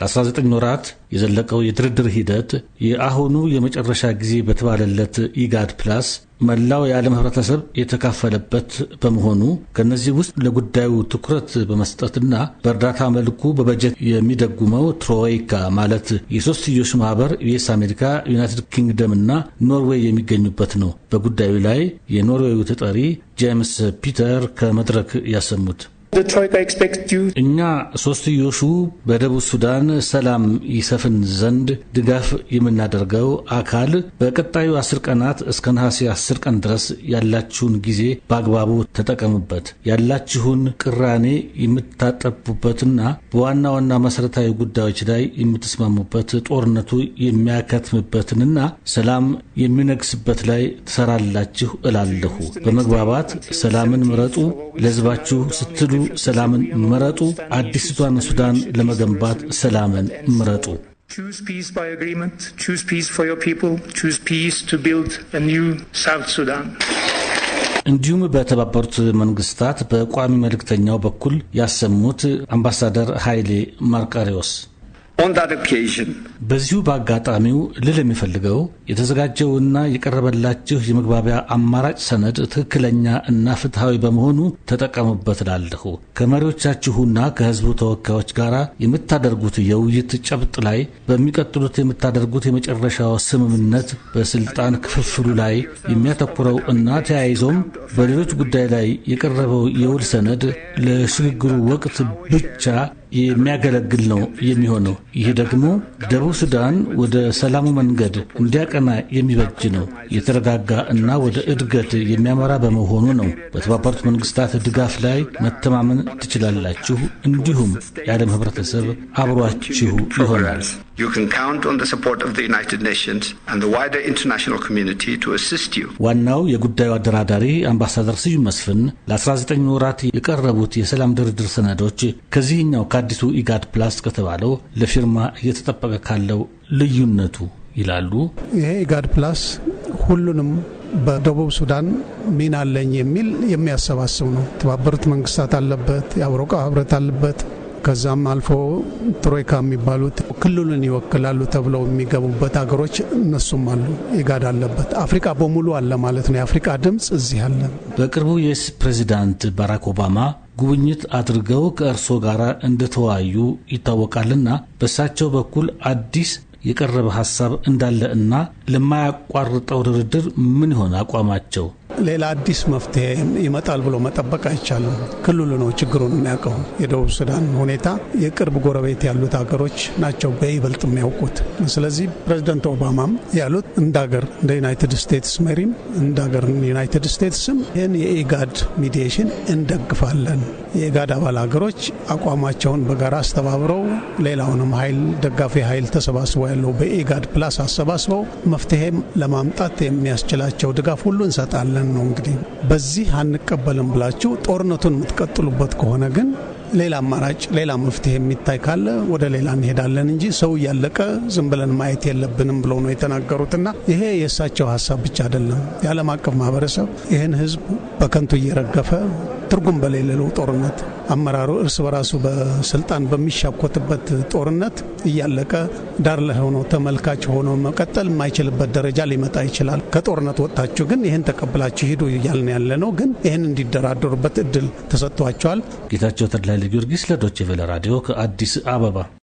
ለ19 ወራት የዘለቀው የድርድር ሂደት የአሁኑ የመጨረሻ ጊዜ በተባለለት ኢጋድ ፕላስ መላው የዓለም ህብረተሰብ የተካፈለበት በመሆኑ ከእነዚህ ውስጥ ለጉዳዩ ትኩረት በመስጠትና በእርዳታ መልኩ በበጀት የሚደጉመው ትሮይካ ማለት የሶስትዮሽ ማህበር ዩኤስ አሜሪካ፣ ዩናይትድ ኪንግደም እና ኖርዌይ የሚገኙበት ነው። በጉዳዩ ላይ የኖርዌዩ ተጠሪ ጄምስ ፒተር ከመድረክ ያሰሙት እኛ ሶስትዮሹ በደቡብ ሱዳን ሰላም ይሰፍን ዘንድ ድጋፍ የምናደርገው አካል በቀጣዩ አስር ቀናት እስከ ነሐሴ አስር ቀን ድረስ ያላችሁን ጊዜ በአግባቡ ተጠቀሙበት። ያላችሁን ቅራኔ የምታጠቡበትና በዋና ዋና መሰረታዊ ጉዳዮች ላይ የምትስማሙበት ጦርነቱ የሚያከትምበትንና ሰላም የሚነግስበት ላይ ትሰራላችሁ እላለሁ። በመግባባት ሰላምን ምረጡ። ለህዝባችሁ ስትሉ ሰላምን ምረጡ። አዲስቷን ሱዳን ለመገንባት ሰላምን ምረጡ። እንዲሁም በተባበሩት መንግስታት በቋሚ መልእክተኛው በኩል ያሰሙት አምባሳደር ኃይሌ ማርቃሪዎስ በዚሁ በአጋጣሚው ልል የሚፈልገው የተዘጋጀውና የቀረበላችሁ የመግባቢያ አማራጭ ሰነድ ትክክለኛ እና ፍትሐዊ በመሆኑ ተጠቀሙበት እላለሁ። ከመሪዎቻችሁና ከሕዝቡ ተወካዮች ጋር የምታደርጉት የውይይት ጨብጥ ላይ በሚቀጥሉት የምታደርጉት የመጨረሻው ስምምነት በስልጣን ክፍፍሉ ላይ የሚያተኩረው እና ተያይዞም በሌሎች ጉዳይ ላይ የቀረበው የውል ሰነድ ለሽግግሩ ወቅት ብቻ የሚያገለግል ነው የሚሆነው። ይህ ደግሞ ደቡብ ሱዳን ወደ ሰላሙ መንገድ እንዲያቀና የሚበጅ ነው፣ የተረጋጋ እና ወደ እድገት የሚያመራ በመሆኑ ነው። በተባበሩት መንግስታት ድጋፍ ላይ መተማመን ትችላላችሁ። እንዲሁም የዓለም ህብረተሰብ አብሯችሁ ይሆናል። ዋናው የጉዳዩ አደራዳሪ አምባሳደር ስዩም መስፍን ለ19 ወራት የቀረቡት የሰላም ድርድር ሰነዶች ከዚህኛው ከአዲሱ ኢጋድ ፕላስ ከተባለው ለፊርማ እየተጠበቀ ካለው ልዩነቱ ይላሉ። ይሄ ኢጋድ ፕላስ ሁሉንም በደቡብ ሱዳን ሚና አለኝ የሚል የሚያሰባስብ ነው። የተባበሩት መንግስታት አለበት፣ የአውሮፓ ህብረት አለበት፣ ከዛም አልፎ ትሮይካ የሚባሉት ክልሉን ይወክላሉ ተብለው የሚገቡበት ሀገሮች እነሱም አሉ። ኢጋድ አለበት። አፍሪቃ በሙሉ አለ ማለት ነው። የአፍሪቃ ድምፅ እዚህ አለ። በቅርቡ የስ ፕሬዚዳንት ባራክ ኦባማ ጉብኝት አድርገው ከእርሶ ጋር እንደተወያዩ ይታወቃልና በእሳቸው በኩል አዲስ የቀረበ ሀሳብ እንዳለ እና ለማያቋርጠው ድርድር ምን ይሆን አቋማቸው? ሌላ አዲስ መፍትሄ ይመጣል ብሎ መጠበቅ አይቻልም። ክልሉ ነው ችግሩን የሚያውቀው። የደቡብ ሱዳን ሁኔታ የቅርብ ጎረቤት ያሉት ሀገሮች ናቸው በይበልጥ የሚያውቁት። ስለዚህ ፕሬዚደንት ኦባማም ያሉት እንደ ሀገር እንደ ዩናይትድ ስቴትስ መሪም እንደ ሀገር ዩናይትድ ስቴትስም ይህን የኢጋድ ሚዲሽን እንደግፋለን። የኢጋድ አባል ሀገሮች አቋማቸውን በጋራ አስተባብረው ሌላውንም ሀይል ደጋፊ ኃይል ተሰባስበ ያለው በኢጋድ ፕላስ አሰባስበው መፍትሄም ለማምጣት የሚያስችላቸው ድጋፍ ሁሉ እንሰጣለን ነው። እንግዲህ በዚህ አንቀበልም ብላችሁ ጦርነቱን የምትቀጥሉበት ከሆነ ግን ሌላ አማራጭ ሌላ መፍትሄ የሚታይ ካለ ወደ ሌላ እንሄዳለን እንጂ ሰው እያለቀ ዝም ብለን ማየት የለብንም ብሎ ነው የተናገሩትና ይሄ የእሳቸው ሀሳብ ብቻ አይደለም። የዓለም አቀፍ ማህበረሰብ ይህን ህዝብ በከንቱ እየረገፈ ትርጉም በሌለው ጦርነት አመራሩ እርስ በራሱ በስልጣን በሚሻኮትበት ጦርነት እያለቀ ዳር ለሆኖ ተመልካች ሆኖ መቀጠል የማይችልበት ደረጃ ሊመጣ ይችላል። ከጦርነት ወጥታችሁ ግን ይህን ተቀብላችሁ ሂዱ እያልን ያለ ነው። ግን ይህን እንዲደራደሩበት እድል ተሰጥቷቸዋል። ጌታቸው ተድላ ኃይለ ጊዮርጊስ ለዶቼ ቬለ ራዲዮ ከአዲስ አበባ